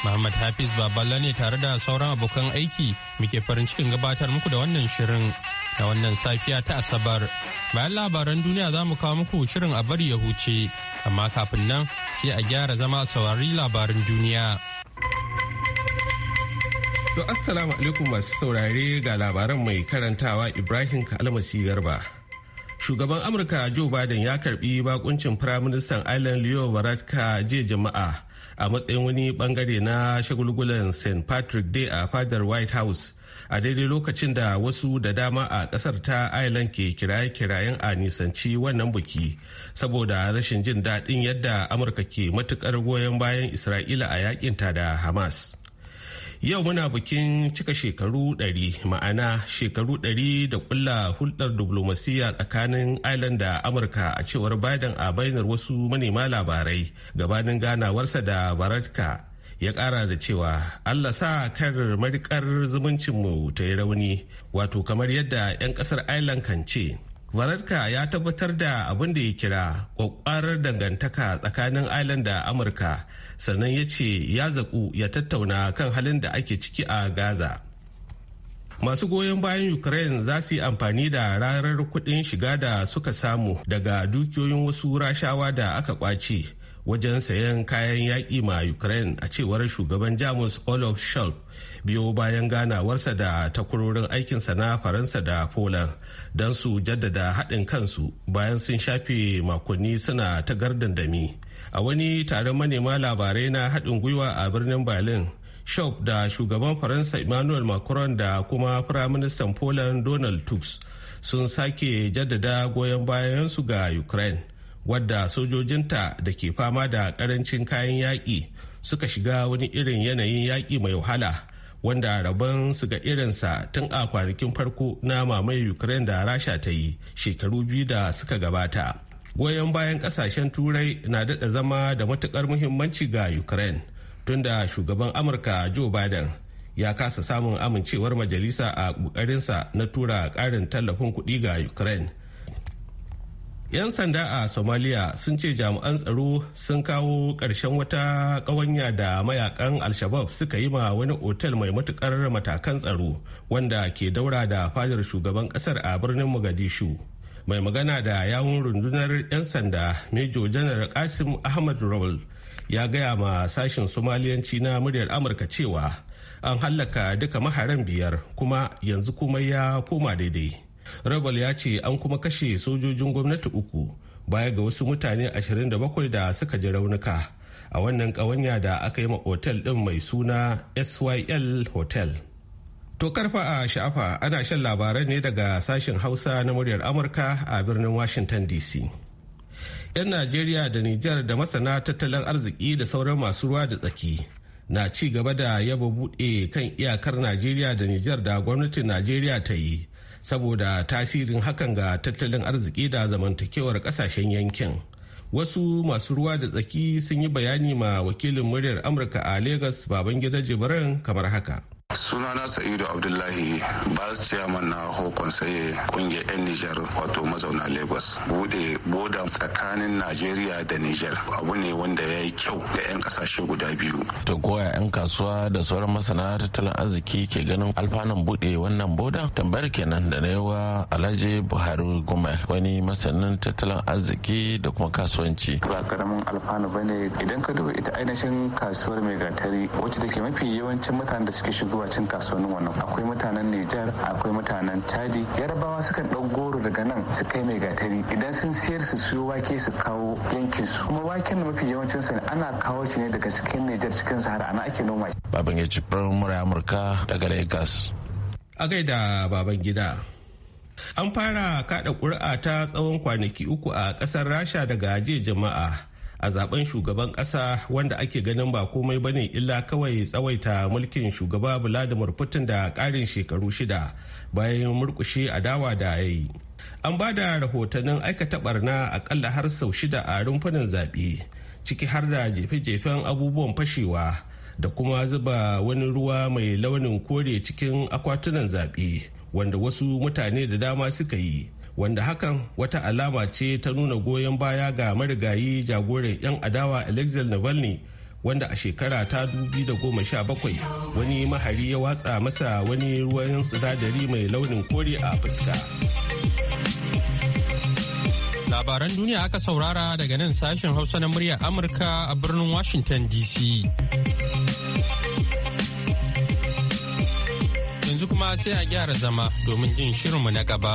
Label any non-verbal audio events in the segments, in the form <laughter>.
Muhammad Hafiz Baballa ne tare da sauran abokan aiki muke farin cikin gabatar muku da wannan shirin da wannan safiya ta Asabar. Bayan labaran duniya za mu kawo muku shirin a bari ya huce, amma kafin nan sai a gyara zama saurari labaran duniya. To Assalamu alaikum masu saurare ga labaran mai karantawa Ibrahim Kalmasi Garba. shugaban amurka joe biden ya karbi bakuncin firaministan island leo varadkar jiya jama'a a matsayin wani bangare na shagulgulan st patrick day a fadar white house a daidai lokacin da wasu da dama a kasar ta ireland ke kiraye-kirayen a nisanci wannan buki saboda rashin jin daɗin yadda amurka ke matukar goyon bayan isra'ila a yakinta da hamas Yau muna bikin cika shekaru ɗari ma'ana shekaru ɗari da kulla hulɗar diplomasiya tsakanin Ireland da Amurka a cewar Biden a bainar wasu manema labarai gabanin ganawarsa da Baratka ya ƙara da cewa Allah sa kar marikar zumuncinmu ta yi rauni wato kamar yadda 'yan ƙasar Ireland kan ce. Varadka ya tabbatar da abin da ya kira kwakwarar dangantaka tsakanin island da Amurka sannan ya ce ya zaƙu ya tattauna kan halin da ake ciki a Gaza. Masu goyon bayan Ukraine za su yi amfani da rarar kuɗin shiga da suka samu daga dukiyoyin wasu rashawa da aka kwace wajen sayan kayan yaƙi ma ukraine a cewar shugaban jamus olaf scholz biyo bayan ganawarsa da takwarorin aikinsa na faransa da poland don su jaddada haɗin kansu bayan sun shafe makonni suna ta gardandami a wani taron manema labarai na haɗin gwiwa a birnin berlin shop da shugaban faransa emmanuel macron da kuma firaministan poland donald tusk sun sake jaddada goyon bayansu ga ukraine wadda sojojinta da ke fama da karancin kayan yaƙi suka shiga wani irin yanayin yaƙi mai wahala wanda rabon su ga irinsa tun a kwanakin farko na mamaye ukraine da rasha ta yi shekaru biyu da suka gabata goyon bayan kasashen turai na daɗa zama da matuƙar muhimmanci ga ukraine tunda shugaban amurka joe biden ya kasa samun amincewar majalisa a ƙoƙarinsa na tura ƙarin tallafin kuɗi ga ukraine 'Yan sanda a Somalia sun ce jami'an tsaro sun kawo ƙarshen wata ƙawanya da mayakan Alshabab suka yi ma wani otal mai matuƙar matakan tsaro wanda ke daura da fadar shugaban ƙasar a birnin Mogadishu. Mai magana da yawun rundunar 'yan sanda Major Janar Kasim Ahmad Rawal ya gaya ma sashen Somaliyanci na muryar Amurka cewa an hallaka duka maharan biyar kuma yanzu komai ya koma daidai. rabal ya ce an kuma kashe sojojin gwamnati uku baya ga wasu mutane 27 da suka ji raunuka a wannan ƙawanya da aka yi ma otel ɗin mai suna syl hotel to karfa a sha'afa ana shan labaran ne daga sashen hausa na muryar amurka a birnin washington dc 'yan najeriya da nijar da masana tattalin arziki da sauran masu ruwa da tsaki na ci gaba da yaba buɗe kan iyakar najeriya da nijar da gwamnatin najeriya ta yi saboda tasirin hakan ga tattalin arziki da zamantakewar kasashen yankin wasu masu ruwa da tsaki sun yi bayani ma wakilin muryar amurka a lagos babangida jibran kamar haka sunana sa'idu abdullahi bas chairman na hukun saye kungiyar yan nijar wato mazauna lagos bude boda tsakanin najeriya da nijar abu ne wanda ya yi kyau ga yan kasashe guda biyu to goya yan kasuwa da sauran masana tattalin arziki ke ganin alfanun bude wannan boda tambayar kenan da na yawa alhaji buhari gumel wani masanin tattalin arziki da kuma kasuwanci ba karamin alfanu bane idan ka duba ita ainihin kasuwar mai gatari wacce take mafi yawancin mutanen da suke shigo arewacin kasuwannin wannan akwai mutanen nijar akwai mutanen chadi yarabawa sukan dau goro daga nan su kai mai gatari idan sun siyar su siyo wake su kawo yankin su kuma waken da mafi yawancin sa ana kawo shi ne daga cikin nijar cikin sahara ana ake noma shi baban ya ci amurka daga lagos a gaida baban gida an fara kada ƙuri'a ta tsawon kwanaki uku a ƙasar rasha daga jiya jama'a a zaben shugaban kasa, wanda ake ganin ba komai bane illa kawai tsawaita mulkin shugaba Vladimir Putin da karin shekaru shida bayan murkushe dawa da ya An ba da rahotannin aikata barna akalla har sau shida a rumfunan zaɓe ciki har da jefe-jefen abubuwan fashewa da kuma zuba wani ruwa mai launin kore cikin akwatunan zaɓe wanda wasu mutane da dama suka yi. wanda hakan wata alama ce ta nuna goyon baya ga marigayi jagoran 'yan adawa alexei navalny wanda a shekara ta sha bakwai wani mahari ya watsa masa wani ruwan sinadari mai launin kore a fuska labaran duniya aka saurara daga nan sashen hausa na muryar amurka a birnin washington dc yanzu kuma sai a gyara zama domin jin shirinmu na gaba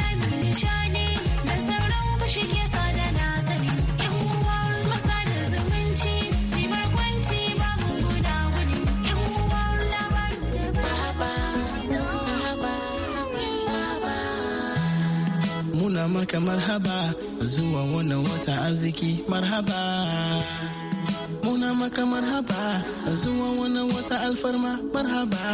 maka marhaba zuwa wannan wata arziki marhaba muna maka marhaba zuwa wannan wata alfarma marhaba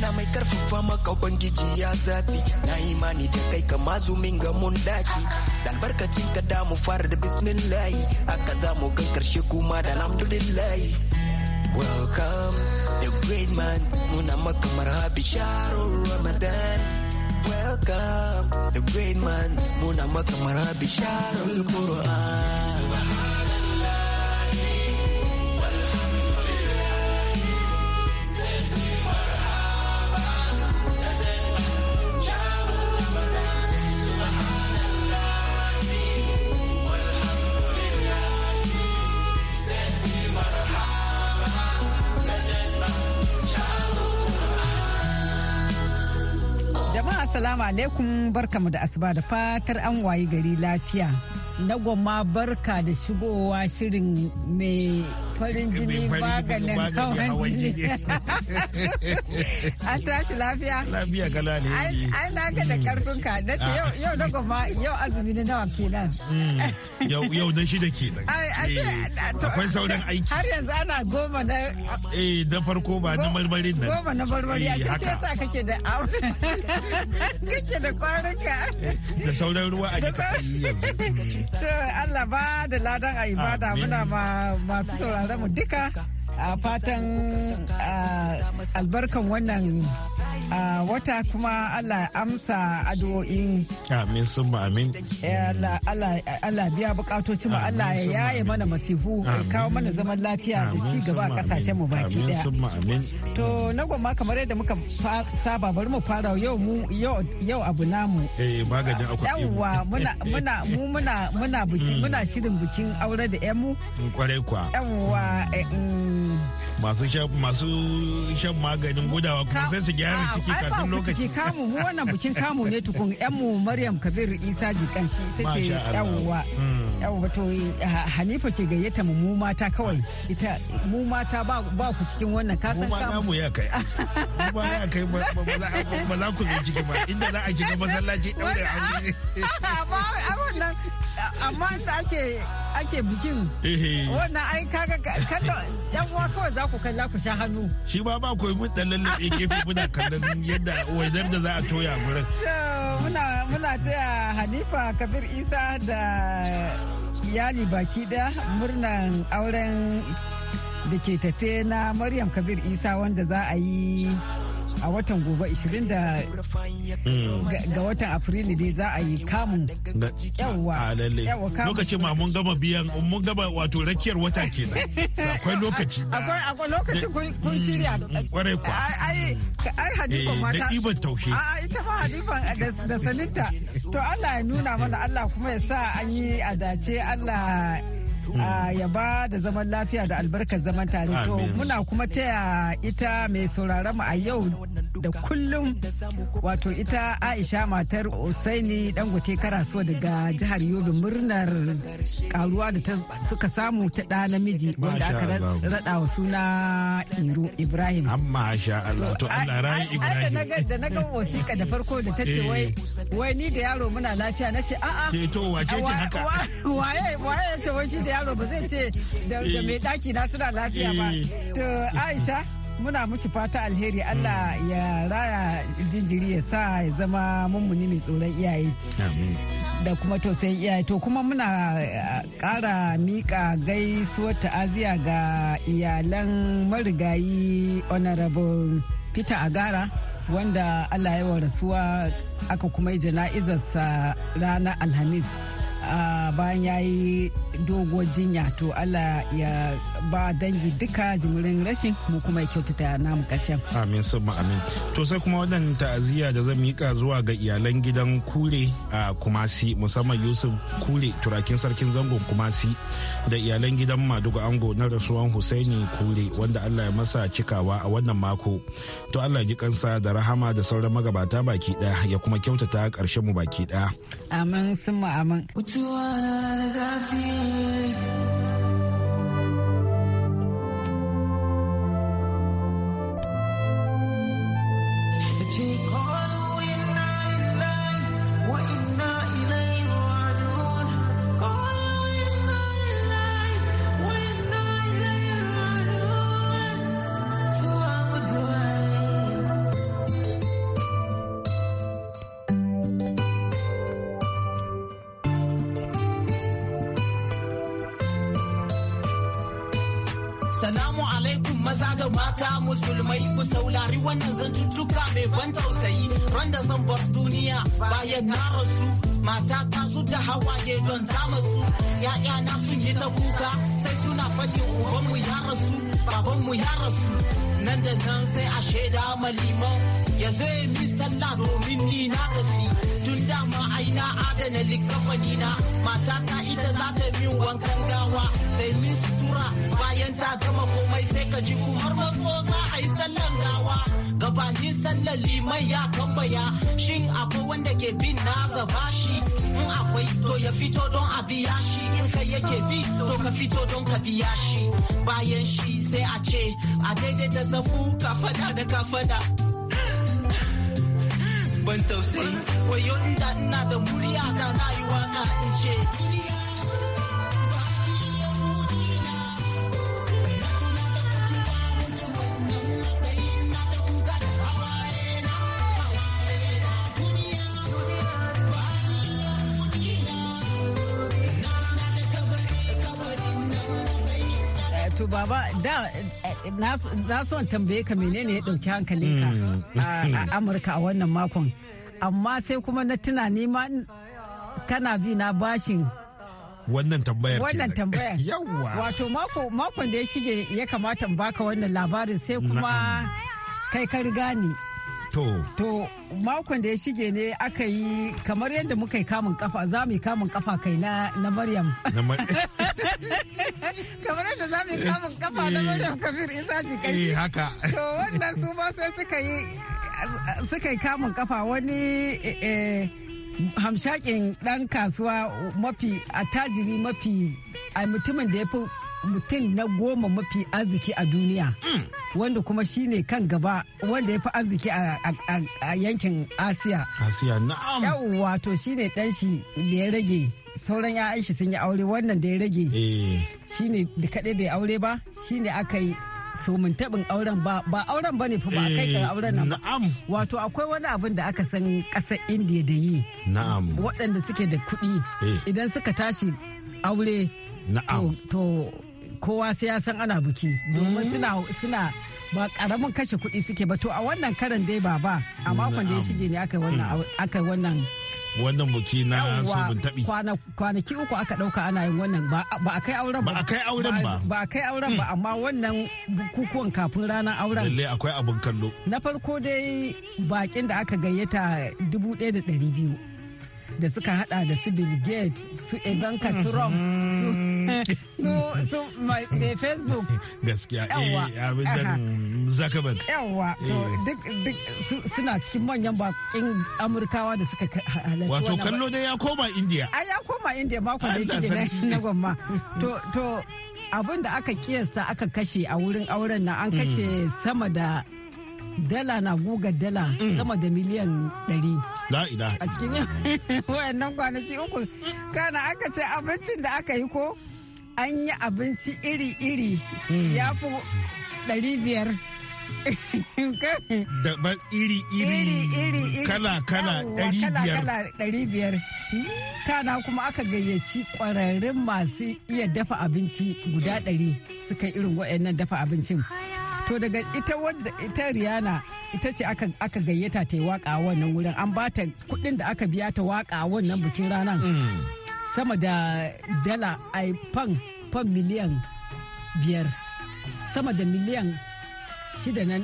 ina mai karfafa maka ubangiji ya zafi na imani da kai ka mazumin ga mun dace dalbarkacin ka da mu fara da bismillahi aka za mu gan karshe kuma da alhamdulillahi welcome the great man muna maka marhabi sharon ramadan Welcome, the great man, muna makamara marhabi sharul Qur'an. Jama'a salamu alaikum barkamu da asuba da fatar an wayi gari lafiya. na goma barka da shigowa shirin mai farin jini maganin hawan jini a tashi lafiya lafiya gala ne ai na ga da mm. karfin ka na ce ah. yau na goma yau azumi na nawa kenan mm. yau yau na shida kenan eh, akwai sauran aiki har yanzu ana goma na eh na farko ba na marmarin nan goma na marmari a ce sai sa kake da <laughs> kake da kwarinka eh, da sauran ruwa a jika <laughs> To Allah ba da ladan a ibada muna ma masu sauraron mu duka. a fatan albarkan wannan wata kuma Allah amsa addu'o'in. Amin summa amin. Allah biya bukatoci mu Allah ya yaye mana masifu kawo mana zaman lafiya da ci gaba a kasashen mu baki daya. To na gwamma kamar yadda muka saba bari mu fara yau mu yau abu namu. Eh magadin akwai. Yawwa muna muna mu muna muna hmm. muna shirin bikin aure da 'yan mu. Kwarai kwa. Yawwa eh, mm. masu shan maganin gudawa kuma sai su gyara ciki kafin lokaci. kamu mu wannan bikin kamu ne tukun yan mu Maryam Kabiru Isa Jikanshi ita ce yawwa. Hmm. wato eh, hanifa ke gayyata mu mata kawai ita mu mata ba ku cikin wannan kasan kamu mu ya kai mu ba ya kai ba za ku zo ciki ba inda za a gina masallaci daure aure ah, amma ah, wannan amma da ake ake bikin wannan ai kaga kallo dan uwa kawai za ku kalla ku sha hannu shi ba ba ku mun dan lallabe gefe muna kallon yadda waidar da za a toya gurin muna muna taya Hanifa Kabir Isa da iyali baki da murnan auren da ke tafe na Maryam Kabir Isa wanda za a yi a watan gobe 20 da ga watan afrilu dai za a yi kamun yawa yawa kamun lokaci ma mun gama biyan mun gama wato rakiyar wata kenan akwai lokaci akwai akwai lokaci kun mm, shirya mm, kwarai kwa ai ai hadifa eh, mata da ibar taushe a ita fa hadifa eh, da salinta to Allah ya nuna mana Allah kuma ya sa an yi a dace Allah ya ba da zaman lafiya da albarkar zaman tare to muna kuma taya ita mai sauraron mu a yau da kullum wato ita Aisha matar Usaini Dangote Karasuwa daga jihar Yobe murnar karuwa da ta suka samu ta ɗa namiji wanda aka raɗa wa suna Iro Ibrahim amma ah, sha Allah to Allah rai Ibrahim da na ga wasiƙa da farko da ta ce eh. wai wai ni da yaro muna lafiya na ce a'a ke to wace ce haka waye waye ce wai shi da yaro ba zai ce da eh. mai daki na suna lafiya ba eh. to aisha muna miki fata alheri Allah ya raya jinjiri ya sa ya zama mummuni mai tsoron iyaye da kuma tausayin iyaye to kuma muna kara eh, mika gaisuwar ta'aziya ga iyalan marigayi honorable peter agara wanda Allah ya wa rasuwa aka kuma yi jana'izarsa ranar alhamis bayan ya yi dogon jinya to Allah ya ba dangi duka jimirin rashin mu kuma ya kyautata namu karshen. Amin sun amin. To sai kuma wannan ta'aziyya da zan miƙa zuwa ga iyalan gidan Kure a Kumasi musamman Yusuf Kure turakin sarkin zangon Kumasi da iyalan gidan Maduga Ango na rasuwan Husaini Kure wanda Allah ya masa cikawa a wannan mako. To Allah ji kansa da rahama da sauran magabata baki ɗaya ya kuma kyautata ƙarshen mu baki ɗaya. Amin sun amin. to another feeling wannan zantuttuka mai ban tausayi randa zan bar duniya bayan na rasu mata ta su da hawaye don su ya'ya na sun yi ta kuka sai suna faɗin ubanmu ya rasu babanmu ya rasu nan da nan sai a shaida malimau ya zo ya sallah domin ni na tun dama aina adana likafani na mata ta ita za ta min wankan gawa ta min sutura bayan ta gama komai sai ka ji kumar maso za a yi sallan gawa gabanin sallan liman ya kambaya shin akwai wanda ke bin na zaba shi in akwai to ya fito don a biya shi in kai yake bi to ka fito don ka biya shi bayan shi sai a ce a daidai safu ka fada da ka fada ban tausayi wayo inda ina da muriya da rayuwa ka in ce to baba da eh, na son tambaye ka menene ya dauki hankalinka hmm. a Amurka a wannan makon. Amma sai kuma na tuna ma kana bi na bashin wannan tambayar wannan tambayar <laughs> yawa wato mako makon da ya shige ya kamata in baka wannan labarin sai kuma kai ka riga ni To. To makon da ya shige ne aka yi kamar yadda muka yi kamun kafa za mu yi kamun kafa kai na na Maryam. <laughs> kamar yadda za mu yi kamun kafa na eh. Maryam Kabir Isa Jikai. Eh haka. To wannan su ma sai suka yi suka yi kamun kafa wani eh, eh, hamshakin dan kasuwa mafi attajiri mafi a mutumin da ya fi mutum na goma mafi arziki a duniya hmm. wanda kuma shine kan gaba wanda ya fi arziki a yankin asiya asiya na'am yawwa to shine dan shi da ya rage sauran ya'yan shi sun yi aure wannan da ya rage eh. shine da kaɗai bai aure ba shine aka yi somin taɓin auren ba ba auren ba ne fa ba kai kan eh, auren nan na'am wato akwai wani abin da aka san ƙasar indiya da yi na'am waɗanda suke da kuɗi eh. idan suka tashi aure na'am to kowa sai ya san ana buki domin mm. suna suna ba karamin kashe kuɗi suke ba to a wannan karan dai ba ba a makon da ya shige ne aka wannan mm. aka wannan wannan buki na sabon tabi kwanaki uku aka dauka ana yin wannan ba a kai auren ba ba a kai auren ba ba a kai auren ba mm. amma wannan bukukuwan kafin ranar auren lalle akwai abin kallo na farko dai bakin da aka gayyata dubu ɗaya da ɗari biyu da suka hada da su bill gates su ivanka mhm. trump su <laughs> mai facebook gaskiya eh, zuckerberg yawa eh. duk duk suna cikin manyan bakin amurkawa da suka halarci wato kallo dai ya koma india a ya koma india makon da yake na gwamma <laughs> to abin da aka kiyasta aka kashe a wurin auren na an kashe mm. sama da dala na guga dala mm. sama da miliyan 100 la'ida a cikin <laughs> wayannan kwanaki uku kana aka ce abincin da aka yi ko an yi abinci iri-iri mm. ya fi 500 <laughs> da iri iri kala kala ɗari biyar ɗari biyar kana kuma aka gayyaci ƙwararrun masu iya dafa abinci guda ɗari suka irin waɗannan dafa abincin to daga ita wadda ita Rihanna ita ce aka aka gayyata ta yi waka wannan wurin an ba ta kuɗin da aka biya ta waka wannan bikin ranar mm. sama da dala ai fan fan miliyan biyar sama da miliyan shida na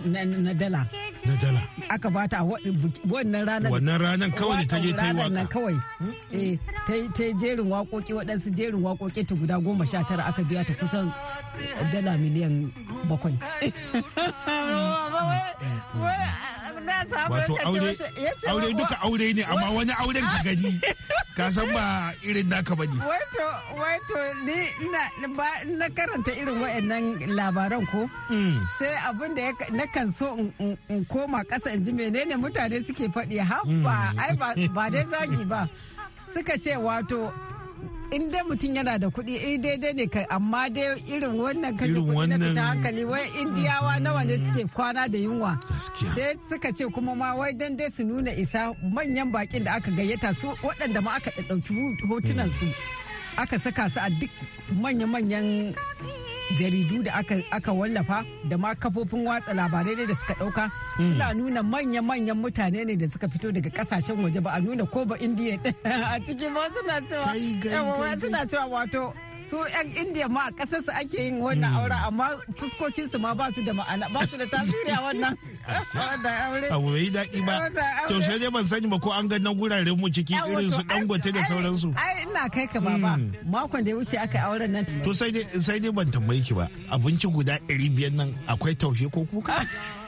dala na dala aka ba ta wannan ranar wannan ranar kawai ta je ta yi waka kawai hmm? eh ta yi jerin waƙoƙi waɗansu jerin waƙoƙi ta guda goma sha tara aka biya ta kusan dala miliyan bakwai. Wato aure aure duka aure ne amma wani auren ka gani ka san ba irin naka ba ne. Wato wato ni na karanta irin wa'annan labaran ko hmm. sai abin da na kan so in koma ƙasa in ji menene mutane suke faɗi hmm. ba, ai ba dai zagi ba suka ce wato in dai mutum yana da kuɗi eh daidai ne kai amma dai irin wannan kashe kuɗi na fita hankali wai indiyawa mm. nawa ne suke kwana da yunwa sai suka ce kuma ma wai dan dai su nuna isa manyan bakin da aka gayyata su waɗanda ma aka ɗauki hotunan su mm. aka saka su a duk manya-manyan jaridu da aka wallafa da ma kafofin watsa labarai ne da suka dauka hmm. suna nuna manya-manyan mutane ne da suka fito daga kasashen waje ba a nuna ko ba indiya <laughs> a cikin ba suna cewa wato su yan indiya ma a kasar su ake yin wannan hmm. aure amma fuskokin su ma ba su da ma'ana ba su da tasiri a wannan <laughs> aure wuri daɗi ba to sai dai ban sani ba ko an ga nan guraren mu ciki irin su dangote da sauransu ai ina kai ka baba hmm. makon da ya wuce aka auren nan to sai dai sai dai ban tambayi ki ba abinci guda 500 nan akwai taushe ko kuka <laughs>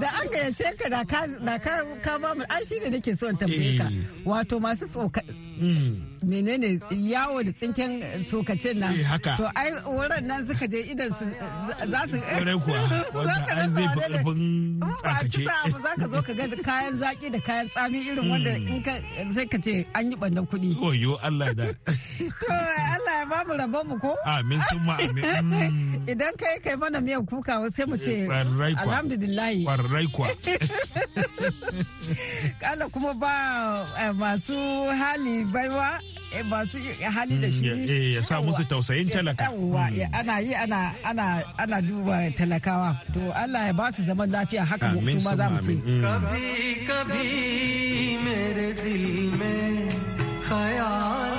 da an gayyace ka da ka ba mu shi da nake son tambaye ka eh. wato masu tsoka hmm. menene yawo da tsinken tsokacin nan eh, to ai wurin nan suka je idan su za su eh, kare kuwa wanda an zai ba karfin tsakake za ka zo ka ga kayan zaki da kayan tsami irin hmm. wanda in ka sai ka ce an yi bannan kuɗi oyo Allah da <laughs> to Allah ya ba mu rabon mu ko amin sun ma amin <laughs> hmm. idan kai kai mana miyan kuka sai mu ce alhamdulillahi kwarai kuwa <laughs> kala kuma ba eh, masu hali baiwa eh, masu hali da mm, shi ya eh, sa musu tausayin talaka mm. ana yi ana duba talakawa to Allah ya ba su zaman lafiya haka su ma za mu ce mm. kabi mere dil mein khayal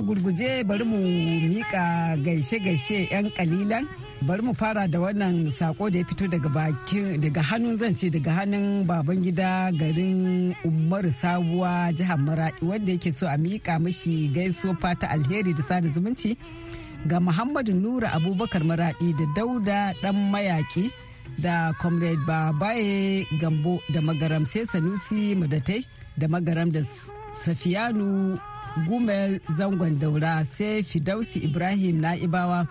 gurguje bari mu mika gaishe-gaishe 'yan kalilan bari mu fara da wannan sako da ya fito daga bakin daga hannun zance daga hannun baban gida garin umar sabuwa jihar maradi wanda yake so a mika mashi gaisuwa fata alheri da sada zumunci ga muhammadu nura abubakar maraɗi da dauda dan mayaki da comrade babaye gambo da magaram sai sanusi madatai da magaram da safiyanu gumel zangon daura sai fidausi ibrahim na'ibawa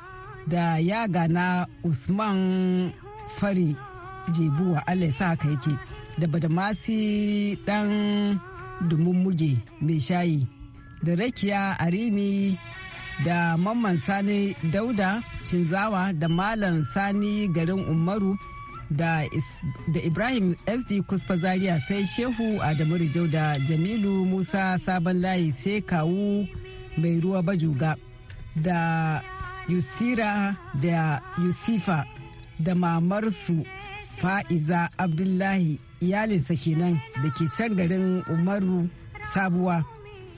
da ya gana usman fari jebuwa allah sa haka yake da badamasi dan dumummuge mai shayi da rakiya arimi da mamman sani dauda cinzawa da malam sani garin umaru da, da ibrahim sd kusfa zaria sai shehu adamu rijau da jamilu musa sabon layi sai kawu mai ruwa bajuga da yusira da yusifa da mamarsu fa'iza abdullahi iyalinsa kenan da ke can garin umaru sabuwa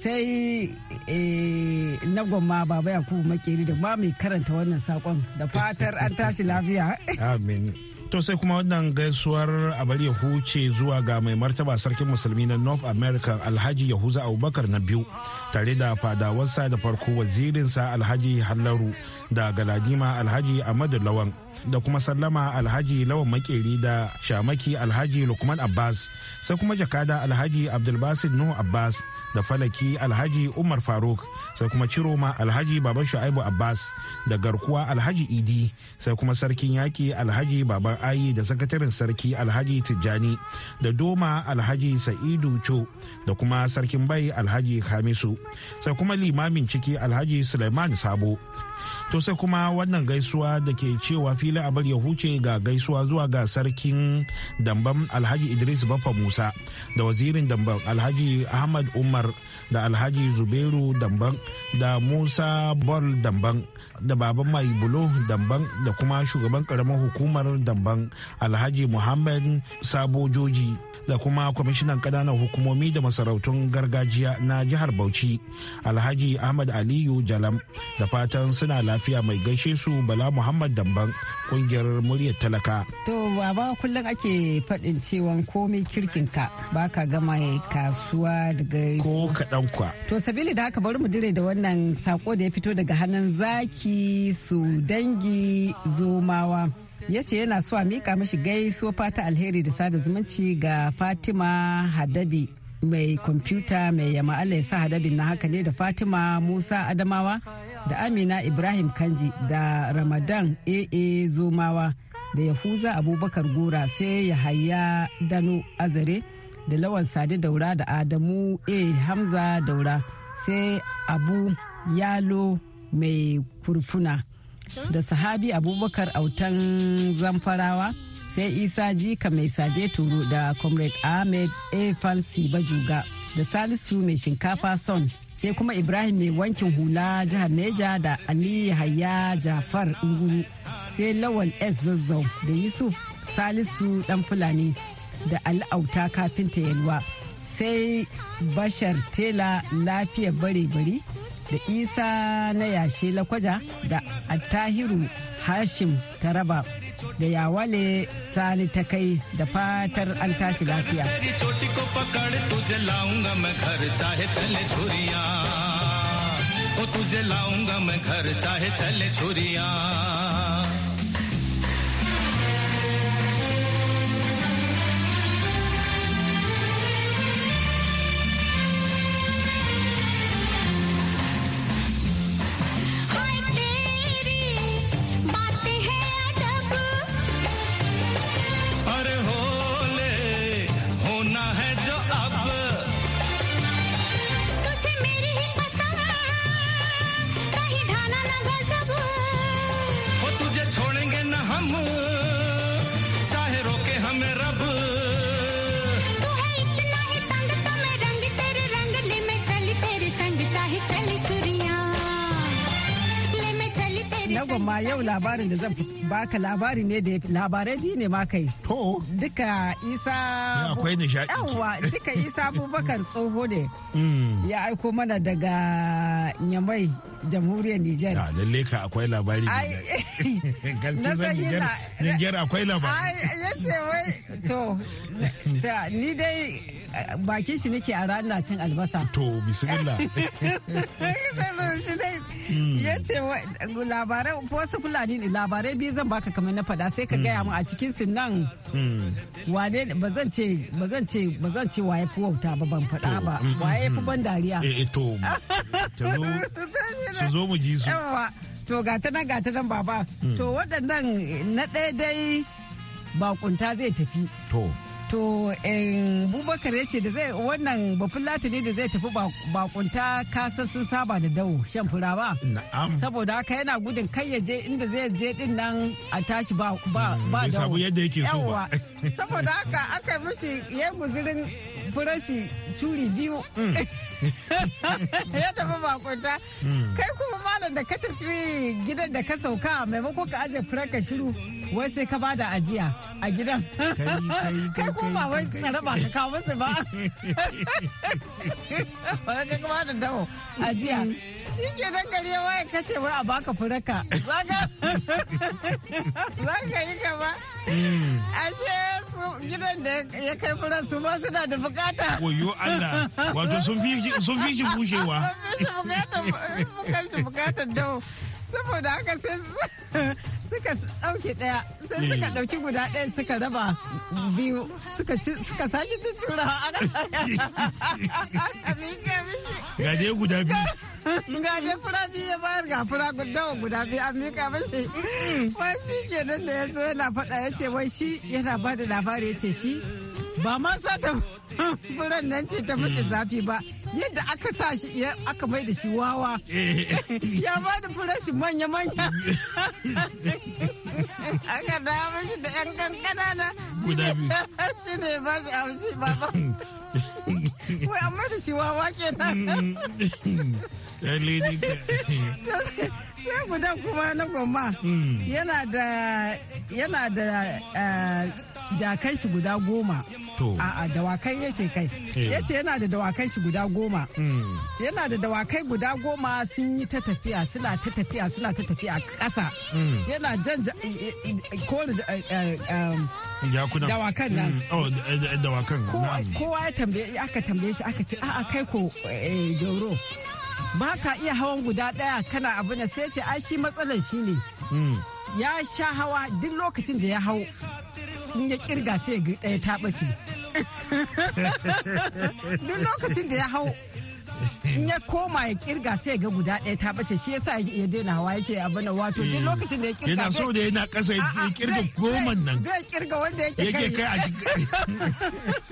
sai eh, na gwamma baba yakubu makeri da ma mai karanta wannan sakon da fatar an tashi lafiya amin To sai kuma wannan gaisuwar a bari ya huce zuwa ga mai martaba sarkin musulmi na North America Alhaji Yahuza Abubakar na biyu tare da fadawarsa da farko wazirinsa Alhaji Hallaru da Galadima Alhaji Ahmadu Lawan da kuma sallama Alhaji Lawan Makeri da Shamaki Alhaji Lukman Abbas sai kuma jakada Alhaji Abdulbasid Nuhu Abbas da falaki alhaji umar faruk sai kuma ciroma alhaji baban shu'aibu abbas da garkuwa alhaji idi sai kuma sarkin yaki alhaji baban ayi da sakataren sarki alhaji tijjani da doma alhaji sa'idu Co da kuma sarkin bai alhaji hamisu sai kuma limamin ciki alhaji suleiman sabo To sai kuma wannan gaisuwa da ke cewa fili abar ya huce ga gaisuwa zuwa ga sarkin dambam Alhaji Idris Baffa Musa da wazirin dambam Alhaji Ahmad Umar da Alhaji Zubairu dambam da Musa Bol dambam da baban mai bulo dambam da kuma shugaban karamar hukumar dambam Alhaji Muhammad Sabo Joji da kuma kwamishinan kananan hukumomi da masarautun gargajiya na jihar Bauchi Alhaji Ahmad Aliyu Jalam da fatan sun suna lafiya mai gaishe su Bala Muhammad Damban kungiyar muryar talaka. To baba kullum ake faɗin cewa komai kirkinka ba ka gama kasuwa daga ko kaɗan kwa. To sabili da haka bari mu dire da wannan sako da ya fito daga hannun zaki su dangi zomawa. ya ce yana so a miƙa mashi gaisuwa fata alheri da sada zumunci ga fatima hadabi mai kwamfuta mai yama Allah ya sa hadabin na haka ne da Fatima Musa Adamawa da amina ibrahim kanji da ramadan aa zomawa da yahuza abubakar gora sai yahaya dano azare da lawan sadi daura da adamu a hamza daura sai abu yalo mai kurfuna da sahabi abubakar autan zamfarawa sai isa jika mai saje turu da comrade ahmed a fancy bajuga da salisu mai shinkafa son sai kuma ibrahim mai wankin hula jihar neja da ali hayya jafar inguru sai lawal s zazzau da yusuf salisu dan fulani da alauta kafin ta yalwa sai bashar tela lafiyar bare-bare da isa na yashe lakwaja da attahiru hashim taraba da yawale sani ta kai da fatar an tashi lafiya तुझे लाऊंगा मैं घर चाहे चले Chhuriya na gwamma yau labarin da zan baka labari ne da labarai biyu ne ma kai. To. Duka Isa. Akwai nishaɗi. Yawwa duka Isa Abubakar tsoho ne. Hmm. Ya aiko mana daga Nyamai jamhuriyar Nijar. Ya lalle ka akwai labari. <laughs> Na sanyi na. Nijar akwai labari. Ai yace wai to <laughs> ni dai bakin shi nake a ranar cin albasa. To bismillah. <laughs> Hmm. Ya ce labarai wasu fulani ne labarai biyu zan baka kamar na fada sai ka hmm. gaya mu a cikin su nan hmm. wane ba zan ce ba zan ce ce waye fi wauta ba ban fada ba waye fi ban dariya. Eh, eh to su zo mu ji su. To gata nan gata nan baba. To waɗannan na ɗaya dai bakunta zai tafi. To. to eh, bubakar ya ce da zai wannan bafin latini da zai tafi bakunta kasar sun saba da dawo shan fura ba saboda haka yana gudun kai ya je inda zai je din nan a tashi ba ba mm, dawo yadda yake so ba saboda haka aka mishi ya guzurin furashi curi biyu mm. <laughs> ya tafi bakunta mm. kai kuma malam da ka tafi gidan da ka sauka maimako ka aje furar ka shiru wai sai ka bada ajiya a gidan kai ko <laughs> ba wai ka raba ka kawo musu ba wai ka kuma da dawo ajiya shi ke nan gari wai ka ce wai a baka furaka za ka <laughs> yi ka ba ashe gidan da ya kai furan su ma suna da bukata wayo Allah wato sun fi shi bushewa sun fi shi bukatar dawo saboda haka sai suka ɗauki ɗaya sai suka eh. ɗauki guda ɗaya suka raba biyu suka sake cucura a ga dai guda biyu ga dai fura biyu ya bayar ga fura dawa guda biyu an miƙa mashi wai shi kenan da ya zo yana faɗa ya ce wai shi yana ba da labari ya ce shi ba ma ta furen nan ce ta mace zafi ba yadda aka sa shi aka mai da shi wawa eh. ya ba da furen shi manya manya aka dawo mashi da yan kankana na shi ne ba shi haushi ba ba wai amma da shi wawa kenan mm. sai guda kuma na gwamma hmm. yana da yana da eh, jakai shi guda goma a dawakai ya ce kai eh. ya ce yana da dawakai shi guda goma hmm. yana da dawakai guda goma sun yi ta tafiya suna ta tafiya suna ta tafiya a ƙasa hmm. yana jan eh, kore dawakan nan oh, dawakan kowa ya tambaye aka tambaye shi aka ce a'a kai ko jauro ba ka iya hawan guda ɗaya kana abu na sai ce ai matsalar shi ne hmm. ya sha hawa duk lokacin da ya hau in ya kirga sai ya ta ɓace <laughs> duk lokacin da ya hau in ya koma ya kirga sai ga guda ɗaya ta bace shi yasa ya daina hawa yake a bana wato duk lokacin da ya kirga yana so da yana kasa ya kirga goman nan zai kirga wanda yake kai yake kai a sai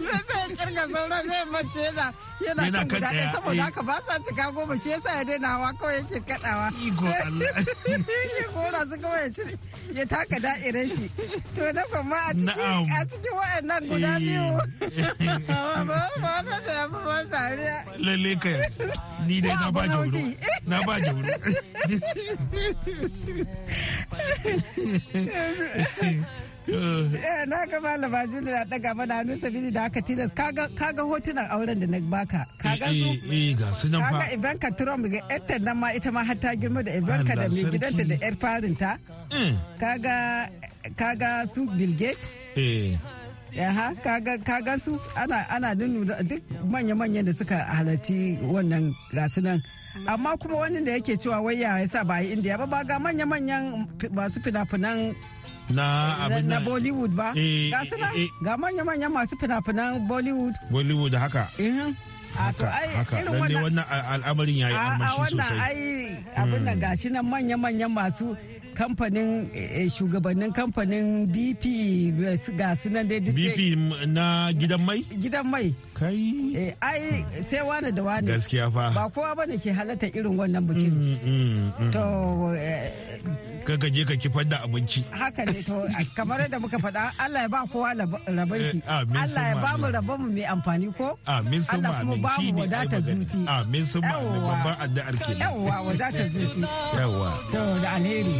ya kirga sauran zai mace yana yana kan guda ɗaya saboda haka ba sa cika goma shi yasa ya daina hawa kawai yake kadawa iko Allah ya kora su kawai ya ya taka da'irar shi to na kuma a cikin a cikin waɗannan guda biyu ba ba ba ba ba ba ba ba ba ni dai na ba wuri na ba jauro eh, na ga malama juli na daga mana hannu sabili da aka tilas kaga hotunan auren da na baka kaga eh, su eh, ga su nan fa kaga ivanka trump ga yarta nan ma ita ma har ta girma da ivanka da mai gidanta da yar farinta kaga kaga su bill gates Yaha, eh, kaga su ana dunu duk manya-manyan da suka halarci wannan gasunan nan. Amma kuma wani da yake cewa wai ya sa ba yi indiya ba ba ga manya-manyan masu fina-finan na abin na Bollywood ba. Eh, eh, gasu nan ga manya-manyan masu fina-finan Bollywood. Bollywood haka. haka haka lalle wannan al'amarin yayi armashi sosai a wannan ai abin nan hmm. gashi nan manya-manyan masu kamfanin eh, eh, shugabannin kamfanin bp eh, ga su nan dai bp na gidan mai gidan mai kai ai sai wani da wani gaskiya fa ba kowa bane ke halatta irin wannan bikin mm, mm, mm. to ka je ka kifar da abinci haka ne to kamar da muka faɗa Allah ya ba kowa rabon shi Allah ya ba mu rabon mu mai amfani ko amin sun ma amin ba mu wadata zuci amin sun ma babban addu'ar kenan yawwa wadata zuci yawwa to da alheri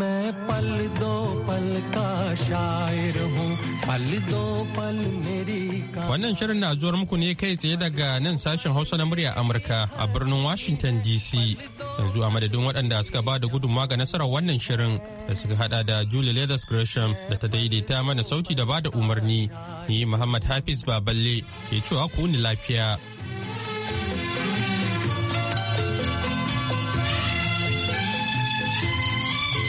मैं पल दो पल का शायर हूँ पल Wannan shirin na zuwar muku ne kai tsaye daga nan sashen Hausa na murya Amurka a birnin Washington DC. Yanzu a madadin waɗanda suka ba da gudunmawa ga nasarar wannan shirin da suka hada da Julie Leathers Gresham da ta daidaita mana sauti da ba da umarni. Ni Muhammad Hafiz Baballe ke cewa ku ni lafiya.